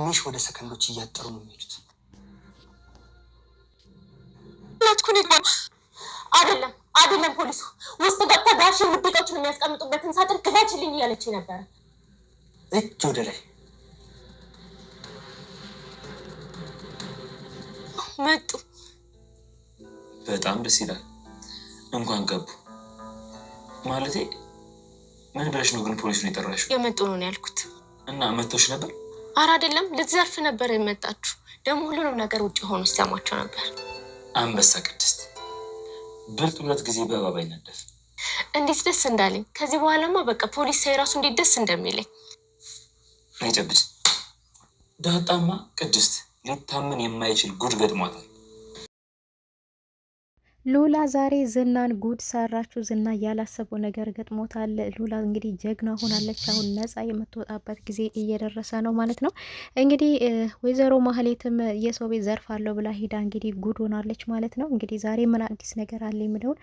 ትንሽ ወደ ሰከንዶች እያጠሩ ነው የሚሄዱት። አይደለም አይደለም፣ ፖሊሱ ውስጥ ገብታ ጋሽ ውጤቶችን የሚያስቀምጡበትን ሳጥን ክፈችልኝ እያለች ነበረ። እጅ ወደ ላይ መጡ። በጣም ደስ ይላል። እንኳን ገቡ። ማለቴ ምን ብለሽ ነው ግን ፖሊሱን የጠራሽው? የመጡ ነው ያልኩት። እና መጥቶሽ ነበር? አረ አይደለም ልትዘርፍ ነበር የመጣችሁ። ደግሞ ሁሉንም ነገር ውጭ ሆኖ ሲሰማቸው ነበር። አንበሳ ቅድስት ብርት ሁለት ጊዜ በእባብ አይነደፍ። እንዴት ደስ እንዳለኝ! ከዚህ በኋላማ በቃ ፖሊስ ሳይ ራሱ እንዴት ደስ እንደሚለኝ አይጨብጭ። ዳጣማ ቅድስት ሊታመን የማይችል ጉድ ገጥሟታል። ሉላ ዛሬ ዝናን ጉድ ሰራችሁ። ዝና ያላሰበው ነገር ገጥሞታል። ሉላ እንግዲህ ጀግና ሆናለች። አሁን ነጻ የምትወጣበት ጊዜ እየደረሰ ነው ማለት ነው። እንግዲህ ወይዘሮ ማህሌትም የሰው ቤት ዘርፍ አለው ብላ ሄዳ እንግዲህ ጉድ ሆናለች ማለት ነው። እንግዲህ ዛሬ ምን አዲስ ነገር አለ የሚለውን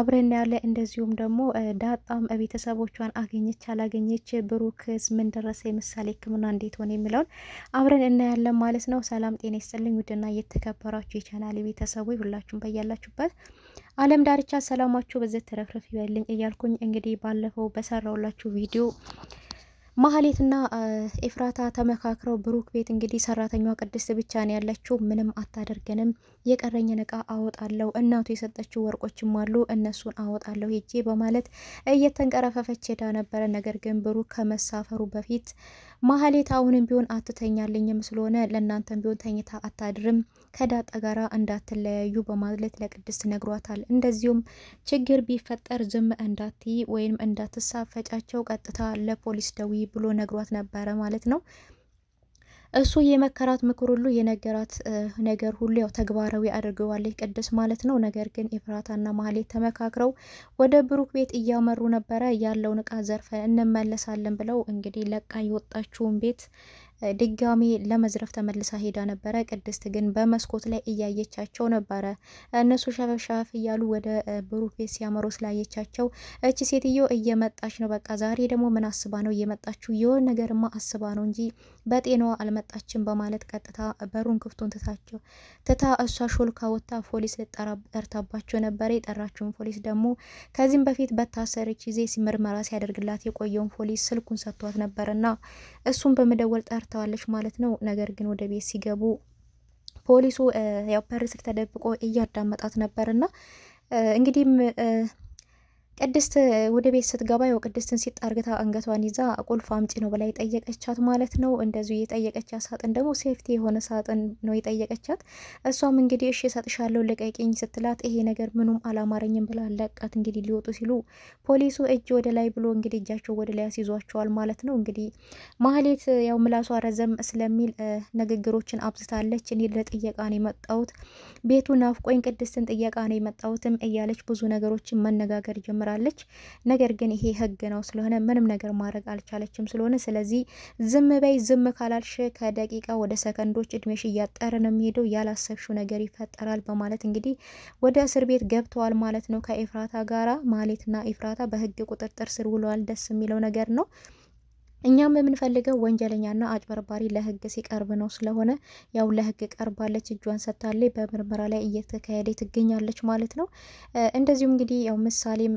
አብረን ያለ እንደዚሁም ደግሞ ዳጣም ቤተሰቦቿን አገኘች አላገኘች፣ ብሩክስ ምን ደረሰ፣ የምሳሌ ሕክምና እንዴት ሆነ የሚለውን አብረን እናያለን ማለት ነው። ሰላም ጤና ይስጥልኝ። ውድና የተከበራችሁ የቻናል ቤተሰቦች ሁላችሁም በያላችሁበት ናት። አለም ዳርቻ ሰላማችሁ በዚህ ተረፍረፍ ይበልኝ እያልኩኝ እንግዲህ ባለፈው በሰራውላችሁ ቪዲዮ ማህሌትና ኤፍራታ ተመካክረው ብሩክ ቤት እንግዲህ ሰራተኛዋ ቅድስት ብቻ ነው ያለችው። ምንም አታደርገንም፣ የቀረኝን እቃ አወጣለሁ፣ እናቱ የሰጠችው ወርቆችም አሉ እነሱን አወጣለሁ ሄጄ በማለት እየተንቀረፈፈች ሄዳ ነበረ። ነገር ግን ብሩክ ከመሳፈሩ በፊት ማህሌት አሁንም ቢሆን አትተኛልኝም ስለሆነ ለእናንተም ቢሆን ተኝታ አታድርም ከዳጣ ጋራ እንዳትለያዩ በማለት ለቅድስት ነግሯታል። እንደዚሁም ችግር ቢፈጠር ዝም እንዳትይ ወይም እንዳትሳፈጫቸው ቀጥታ ለፖሊስ ደዊ ብሎ ነግሯት ነበረ ማለት ነው። እሱ የመከራት ምክር ሁሉ የነገራት ነገር ሁሉ ያው ተግባራዊ አድርገዋለች ቅድስት ማለት ነው። ነገር ግን ኤፍራታና ማህሌት ተመካክረው ወደ ብሩክ ቤት እያመሩ ነበረ። ያለውን እቃ ዘርፈን እንመለሳለን ብለው እንግዲህ ለቃ የወጣችውን ቤት ድጋሚ ለመዝረፍ ተመልሳ ሄዳ ነበረ። ቅድስት ግን በመስኮት ላይ እያየቻቸው ነበረ። እነሱ ሸፈፍ እያሉ ወደ ብሩክ ቤት ሲያመሩ ስላየቻቸው እቺ ሴትዮ እየመጣች ነው፣ በቃ ዛሬ ደግሞ ምን አስባ ነው እየመጣችው? የሆነ ነገርማ አስባ ነው እንጂ በጤናዋ አልመጣችም በማለት ቀጥታ በሩን ክፍቱን ትታቸው ትታ እሷ ሾልካ ወታ ፖሊስ ልጠርታባቸው ነበረ። የጠራችውን ፖሊስ ደግሞ ከዚህም በፊት በታሰረች ጊዜ ምርመራ ሲያደርግላት የቆየውን ፖሊስ ስልኩን ሰጥቷት ነበርና እሱን በመደወል ጠርታ መታዋለች ማለት ነው። ነገር ግን ወደ ቤት ሲገቡ ፖሊሱ ያው በር ስር ተደብቆ እያዳመጣት ነበርና እንግዲህም ቅድስት ወደ ቤት ስትገባ ያው ቅድስትን ሲጣርግታ አንገቷን ይዛ ቁልፍ አምጪ ነው ብላ የጠየቀቻት ማለት ነው። እንደዚሁ የጠየቀቻት ሳጥን ደግሞ ሴፍቲ የሆነ ሳጥን ነው የጠየቀቻት። እሷም እንግዲህ እሺ እሰጥሻለሁ ልቀቂኝ ስትላት ይሄ ነገር ምኑም አላማረኝም ብላ ለቃት። እንግዲህ ሊወጡ ሲሉ ፖሊሱ እጅ ወደ ላይ ብሎ እንግዲህ እጃቸው ወደ ላይ ያስይዟቸዋል ማለት ነው። እንግዲህ ማህሌት ያው ምላሷ ረዘም ስለሚል ንግግሮችን አብዝታለች። እኔ ለጥየቃ ነው የመጣሁት፣ ቤቱ ናፍቆኝ ቅድስትን ጥየቃ ነው የመጣሁትም እያለች ብዙ ነገሮችን መነጋገር ጀመ ጀምራለች። ነገር ግን ይሄ ህግ ነው ስለሆነ ምንም ነገር ማድረግ አልቻለችም ስለሆነ ስለዚህ ዝም በይ። ዝም ካላልሽ ከደቂቃ ወደ ሰከንዶች እድሜሽ እያጠረ ነው የሚሄደው፣ ያላሰብሽው ነገር ይፈጠራል በማለት እንግዲህ ወደ እስር ቤት ገብተዋል ማለት ነው ከኤፍራታ ጋራ ማሌትና ኤፍራታ በህግ ቁጥጥር ስር ውለዋል። ደስ የሚለው ነገር ነው። እኛም የምንፈልገው ወንጀለኛና አጭበርባሪ ለህግ ሲቀርብ ነው። ስለሆነ ያው ለህግ ቀርባለች፣ እጇን ሰጥታለች። በምርመራ ላይ እየተካሄደ ትገኛለች ማለት ነው። እንደዚሁም እንግዲህ ያው ምሳሌም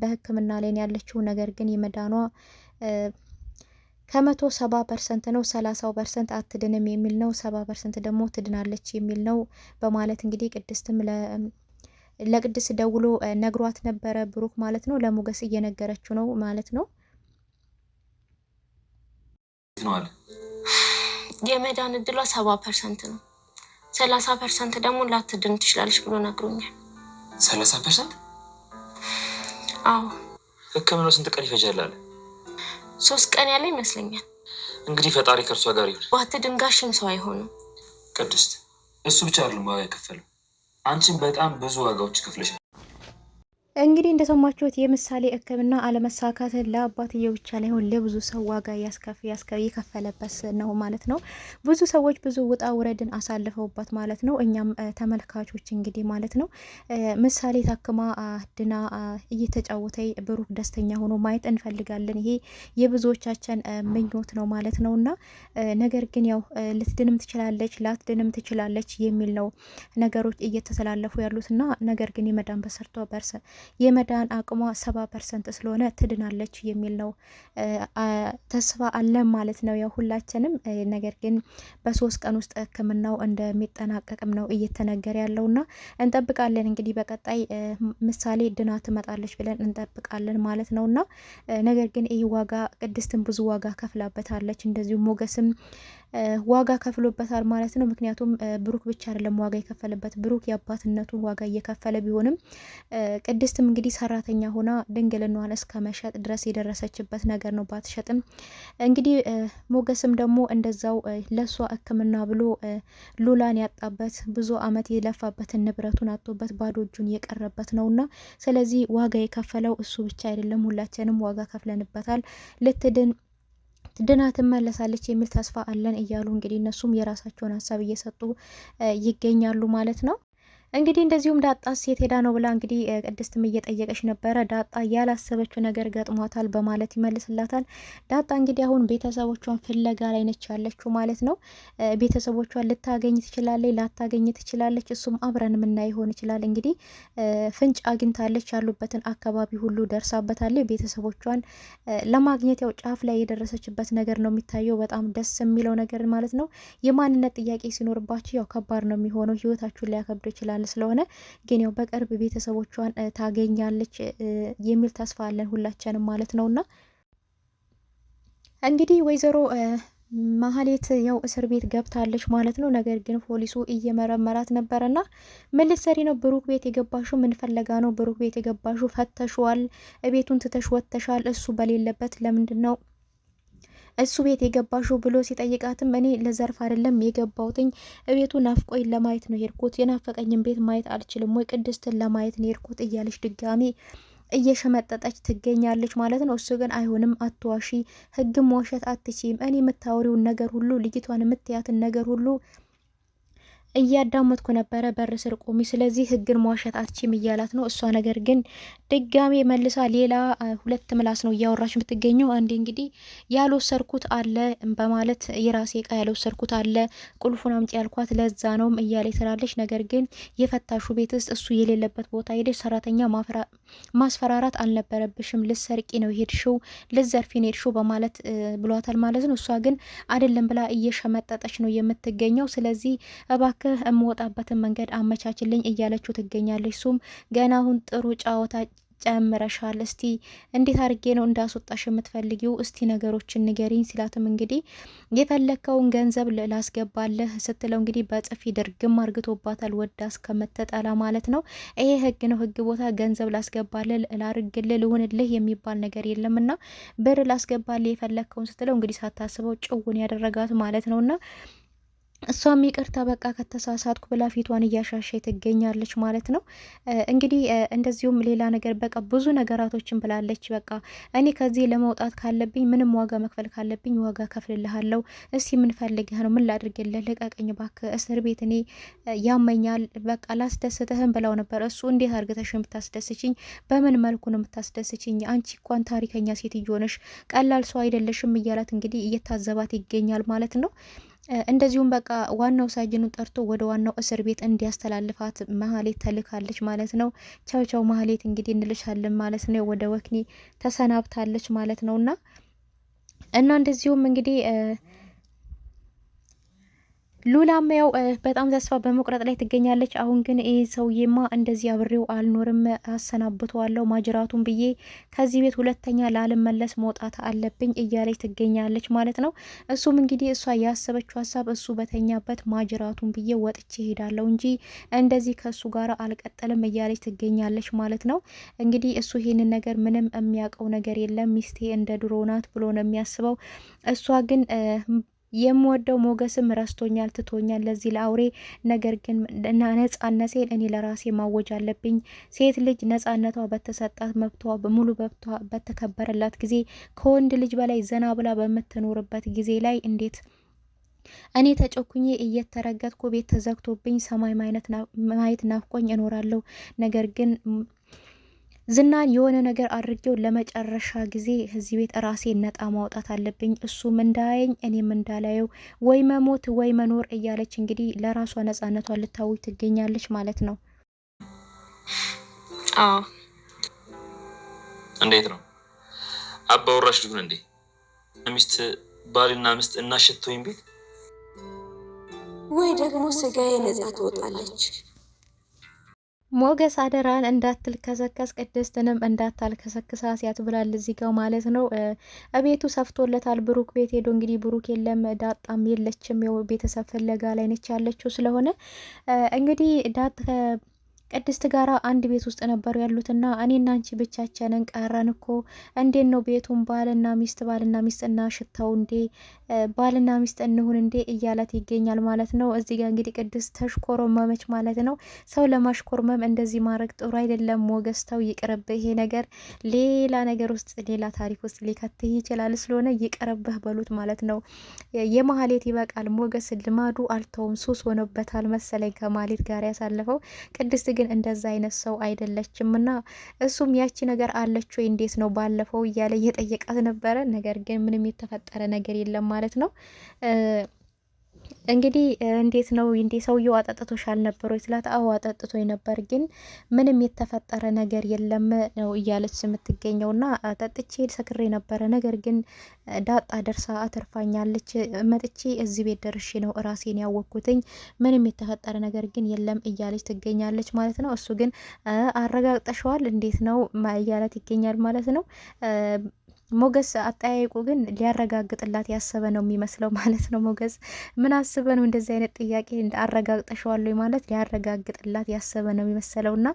በህክምና ላይ ያለችው ነገር ግን የመዳኗ ከመቶ ሰባ ፐርሰንት ነው። ሰላሳው ፐርሰንት አትድንም የሚል ነው። ሰባ ፐርሰንት ደግሞ ትድናለች የሚል ነው በማለት እንግዲህ ቅድስትም ለቅድስት ደውሎ ነግሯት ነበረ ብሩክ ማለት ነው። ለሞገስ እየነገረችው ነው ማለት ነው። ነው አለ። የመዳን እድሏ ሰባ ፐርሰንት ነው። ሰላሳ ፐርሰንት ደግሞ ላትድን ትችላለች ብሎ ነግሮኛል። ሰላሳ ፐርሰንት? አዎ። ህክምናው ስንት ቀን ይፈጃል አለ? ሶስት ቀን ያለ ይመስለኛል። እንግዲህ ፈጣሪ ከእርሷ ጋር ይሁን። ባትድን ጋሽም ሰው አይሆንም። ቅድስት፣ እሱ ብቻ አይደለም ዋጋ የከፈለው አንቺን በጣም ብዙ ዋጋዎች ይከፍለሻል። እንግዲህ እንደሰማችሁት የምሳሌ ሕክምና አለመሳካትን ለአባትየው ብቻ ላይሆን ለብዙ ሰው ዋጋ የከፈለበት ነው ማለት ነው። ብዙ ሰዎች ብዙ ውጣ ውረድን አሳልፈውበት ማለት ነው። እኛም ተመልካቾች እንግዲህ ማለት ነው ምሳሌ ታክማ ድና እየተጫወተ ብሩክ ደስተኛ ሆኖ ማየት እንፈልጋለን። ይሄ የብዙዎቻችን ምኞት ነው ማለት ነው እና ነገር ግን ያው ልትድንም ትችላለች ላትድንም ትችላለች የሚል ነው ነገሮች እየተተላለፉ ያሉት እና ነገር ግን የመዳን በሰርቶ በርሰ የመዳን አቅሟ ሰባ ፐርሰንት ስለሆነ ትድናለች የሚል ነው ተስፋ አለ ማለት ነው ያው ሁላችንም። ነገር ግን በሶስት ቀን ውስጥ ህክምናው እንደሚጠናቀቅም ነው እየተነገረ ያለውና እንጠብቃለን እንግዲህ በቀጣይ ምሳሌ ድና ትመጣለች ብለን እንጠብቃለን ማለት ነውና ነገር ግን ይህ ዋጋ ቅድስትን ብዙ ዋጋ ከፍላበታለች እንደዚሁ ሞገስም ዋጋ ከፍሎበታል ማለት ነው። ምክንያቱም ብሩክ ብቻ አይደለም ዋጋ የከፈለበት ብሩክ የአባትነቱን ዋጋ እየከፈለ ቢሆንም ቅድስት ቅድስትም እንግዲህ ሰራተኛ ሆና ድንግልናዋን እስከ መሸጥ ድረስ የደረሰችበት ነገር ነው። ባትሸጥም እንግዲህ ሞገስም ደግሞ እንደዛው ለሷ ሕክምና ብሎ ሉላን ያጣበት ብዙ አመት የለፋበትን ንብረቱን አጥቶበት ባዶ እጁን የቀረበት ነውና ስለዚህ ዋጋ የከፈለው እሱ ብቻ አይደለም፣ ሁላችንም ዋጋ ከፍለንበታል። ልትድን ድና ትመለሳለች የሚል ተስፋ አለን እያሉ እንግዲህ እነሱም የራሳቸውን ሀሳብ እየሰጡ ይገኛሉ ማለት ነው። እንግዲህ እንደዚሁም ዳጣ ሴት ሄዳ ነው ብላ እንግዲህ ቅድስትም እየጠየቀች ነበረ። ዳጣ ያላሰበችው ነገር ገጥሟታል በማለት ይመልስላታል። ዳጣ እንግዲህ አሁን ቤተሰቦቿን ፍለጋ ላይ ነች ያለችው ማለት ነው። ቤተሰቦቿን ልታገኝ ትችላለች፣ ላታገኝ ትችላለች። እሱም አብረን ምና ሆን ይችላል። እንግዲህ ፍንጭ አግኝታለች፣ ያሉበትን አካባቢ ሁሉ ደርሳበታለች። ቤተሰቦቿን ለማግኘት ያው ጫፍ ላይ የደረሰችበት ነገር ነው የሚታየው። በጣም ደስ የሚለው ነገር ማለት ነው። የማንነት ጥያቄ ሲኖርባቸው ያው ከባድ ነው የሚሆነው፣ ህይወታችሁን ሊያከብዱ ይችላል የሚባል ስለሆነ ግን ያው በቅርብ ቤተሰቦቿን ታገኛለች የሚል ተስፋ አለን ሁላችንም ማለት ነውና እንግዲህ ወይዘሮ ማህሌት ያው እስር ቤት ገብታለች ማለት ነው። ነገር ግን ፖሊሱ እየመረመራት ነበረና ምን ልትሰሪ ነው ብሩክ ቤት የገባሹ? ምን ፈለጋ ነው ብሩክ ቤት የገባሹ? ፈተሸዋል፣ ቤቱን ትተሽ ወጥተሻል። እሱ በሌለበት ለምንድን ነው እሱ ቤት የገባሽው ብሎ ሲጠይቃትም እኔ ለዘርፍ አይደለም የገባውትኝ እቤቱ ናፍቆኝ ለማየት ነው ሄድኩት። የናፈቀኝን ቤት ማየት አልችልም ወይ ቅድስትን ለማየት ነው ሄድኩት እያለች ድጋሚ እየሸመጠጠች ትገኛለች ማለት ነው። እሱ ግን አይሆንም፣ አትዋሺ፣ ህግም መዋሸት አትችም። እኔ የምታወሪውን ነገር ሁሉ ልጅቷን የምትያትን ነገር ሁሉ እያዳመጥኩ ነበረ በር ስር ቆሚ፣ ስለዚህ ህግን መዋሸት አትችም እያላት ነው። እሷ ነገር ግን ድጋሜ መልሳ ሌላ ሁለት ምላስ ነው እያወራች የምትገኘው። አንዴ እንግዲህ ያልወሰድኩት አለ በማለት የራሴ እቃ ያልወሰድኩት አለ ቁልፉን አምጪ ያልኳት ለዛ ነውም እያለ ትላለች። ነገር ግን የፈታሹ ቤት ውስጥ እሱ የሌለበት ቦታ ሄደች። ሰራተኛ ማስፈራራት አልነበረብሽም፣ ልሰርቂ ነው ሄድሽው፣ ልዘርፊ ነው ሄድሽው በማለት ብሏታል ማለት ነው። እሷ ግን አይደለም ብላ እየሸመጠጠች ነው የምትገኘው። ስለዚህ እባክ እባክህ የምወጣበትን መንገድ አመቻችልኝ እያለችው ትገኛለች። ሱም ገና አሁን ጥሩ ጫወታ ጨምረሻል። እስቲ እንዴት አድርጌ ነው እንዳስወጣሽ የምትፈልጊው? እስቲ ነገሮችን ንገሪኝ ሲላትም እንግዲህ የፈለግከውን ገንዘብ ላስገባለህ ስትለው እንግዲህ በጥፊ ድርግም አርግቶባታል። ወዳ እስከምትጠላ ማለት ነው። ይሄ ህግ ነው። ህግ ቦታ ገንዘብ ላስገባልህ፣ ላርግልህ፣ ልሁንልህ የሚባል ነገር የለምና ብር ላስገባልህ የፈለግከውን ስትለው እንግዲህ ሳታስበው ጭውን ያደረጋት ማለት ነውና እሷም ይቅርታ በቃ ከተሳሳትኩ ብላ ፊቷን እያሻሸ ትገኛለች ማለት ነው። እንግዲህ እንደዚሁም ሌላ ነገር በቃ ብዙ ነገራቶችን ብላለች። በቃ እኔ ከዚህ ለመውጣት ካለብኝ ምንም ዋጋ መክፈል ካለብኝ ዋጋ ከፍልልሃለው። እስቲ የምንፈልግህ ነው ምን ላድርግልህ? ልቀቀኝ ባክ፣ እስር ቤት እኔ ያመኛል። በቃ ላስደስትህን ብለው ነበር። እሱ እንዴት አርግተሽ የምታስደስችኝ? በምን መልኩ ነው የምታስደስችኝ? አንቺ እንኳን ታሪከኛ ሴትዮ ነሽ፣ ቀላል ሰው አይደለሽም እያላት እንግዲህ እየታዘባት ይገኛል ማለት ነው። እንደዚሁም በቃ ዋናው ሳጅኑን ጠርቶ ወደ ዋናው እስር ቤት እንዲያስተላልፋት መሀሌት ተልካለች ማለት ነው። ቻው ቻው መሀሌት እንግዲህ እንልሻለን ማለት ነው። ወደ ወክኒ ተሰናብታለች ማለት ነው እና እና እንደዚሁም እንግዲህ ሉላም ያው በጣም ተስፋ በመቁረጥ ላይ ትገኛለች። አሁን ግን ይህ ሰውዬማ እንደዚህ አብሬው አልኖርም፣ አሰናብተዋለሁ ማጅራቱን ብዬ ከዚህ ቤት ሁለተኛ ላልመለስ መውጣት አለብኝ እያለች ትገኛለች ማለት ነው። እሱም እንግዲህ እሷ ያሰበችው ሀሳብ እሱ በተኛበት ማጅራቱን ብዬ ወጥቼ ሄዳለሁ እንጂ እንደዚህ ከእሱ ጋር አልቀጠልም እያለች ትገኛለች ማለት ነው። እንግዲህ እሱ ይህንን ነገር ምንም የሚያውቀው ነገር የለም። ሚስቴ እንደ ድሮ ናት ብሎ ነው የሚያስበው። እሷ ግን የምወደው ሞገስም ረስቶኛል፣ ትቶኛል ለዚህ ለአውሬ። ነገር ግን ነጻነቴን እኔ ለራሴ ማወጅ አለብኝ። ሴት ልጅ ነጻነቷ በተሰጣት መብቷ ሙሉ መብቷ በተከበረላት ጊዜ ከወንድ ልጅ በላይ ዘና ብላ በምትኖርበት ጊዜ ላይ እንዴት እኔ ተጨኩኜ እየተረገጥኩ ቤት ተዘግቶብኝ ሰማይ ማየት ናፍቆኝ እኖራለሁ። ነገር ግን ዝናን የሆነ ነገር አድርጌው ለመጨረሻ ጊዜ እዚህ ቤት ራሴ ነጣ ማውጣት አለብኝ፣ እሱም እንዳያየኝ እኔም እንዳላየው፣ ወይ መሞት ወይ መኖር እያለች እንግዲህ ለራሷ ነጻነቷ ልታዊ ትገኛለች ማለት ነው። አዎ እንዴት ነው አባወራሽ ልሁን እንዴ? ሚስት ባልና ሚስት እናሸት ወይም ቤት ወይ ደግሞ ስጋዬ ነጻ ትወጣለች። ሞገስ አደራን እንዳትልከሰከስ ቅድስትንም እንዳታልከሰክሳ ሲያት ብላል እዚህ ጋው ማለት ነው። እቤቱ ሰፍቶለታል። ብሩክ ቤት ሄዶ እንግዲህ ብሩክ የለም፣ ዳጣም የለችም። ቤተሰብ ፍለጋ ላይ ነች ያለችው ስለሆነ እንግዲህ ዳት ቅድስት ጋራ አንድ ቤት ውስጥ ነበሩ ያሉትና እኔና አንቺ ብቻችንን ቀረን እኮ እንዴት ነው ቤቱን ባልና ሚስት ባልና ሚስትና ሽታው እንዴ ባልና ሚስት እንሁን እንዴ እያላት ይገኛል ማለት ነው። እዚህ ጋር እንግዲህ ቅድስት ተሽኮረመመች ማለት ነው። ሰው ለማሽኮርመም እንደዚህ ማድረግ ጥሩ አይደለም። ሞገስተው ይቅርብህ። ይሄ ነገር ሌላ ነገር ውስጥ ሌላ ታሪክ ውስጥ ሊከትህ ይችላል። ስለሆነ ይቅርብህ በሉት ማለት ነው። የማህሌት ይበቃል። ሞገስ ልማዱ አልተውም ሱስ ሆኖበታል መሰለኝ ከማህሌት ጋር ያሳለፈው ቅድስት ግን እንደዛ አይነት ሰው አይደለችም እና እሱም ያቺ ነገር አለች ወይ እንዴት ነው ባለፈው እያለ እየጠየቃት ነበረ። ነገር ግን ምንም የተፈጠረ ነገር የለም ማለት ነው። እንግዲህ እንዴት ነው እንዴ ሰውየው አጠጥቶሽ አልነበረ ስላት፣ አዎ አጠጥቶ ነበር፣ ግን ምንም የተፈጠረ ነገር የለም ነው እያለች የምትገኘው። ና ጠጥቼ ሰክሬ ነበረ፣ ነገር ግን ዳጣ ደርሳ አትርፋኛለች። መጥቼ እዚህ ቤት ደርሼ ነው ራሴን ያወቅኩትኝ። ምንም የተፈጠረ ነገር ግን የለም እያለች ትገኛለች ማለት ነው። እሱ ግን አረጋግጠሸዋል እንዴት ነው እያለት ይገኛል ማለት ነው። ሞገስ አጠያየቁ ግን ሊያረጋግጥላት ያሰበ ነው የሚመስለው ማለት ነው። ሞገስ ምን አስበ ነው እንደዚህ አይነት ጥያቄ እንደ አረጋግጠሸዋለሁ ማለት ሊያረጋግጥላት ያሰበ ነው የሚመስለው ና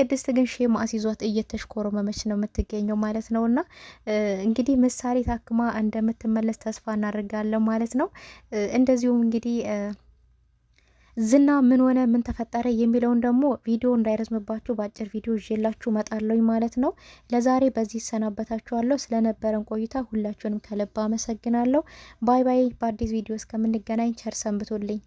ቅድስት ግን ሼማ አስይዟት እየተሽኮረመመች ነው የምትገኘው ማለት ነው። እና እንግዲህ ምሳሌ ታክማ እንደምትመለስ ተስፋ እናደርጋለን ማለት ነው። እንደዚሁም እንግዲህ ዝና ምን ሆነ፣ ምን ተፈጠረ የሚለውን ደግሞ ቪዲዮ እንዳይረዝምባችሁ በአጭር ቪዲዮ ይዤላችሁ መጣለኝ ማለት ነው። ለዛሬ በዚህ ይሰናበታችኋለሁ። ስለነበረን ቆይታ ሁላችሁንም ከልብ አመሰግናለሁ። ባይ ባይ። በአዲስ ቪዲዮ እስከምንገናኝ ቸር ሰንብቶልኝ።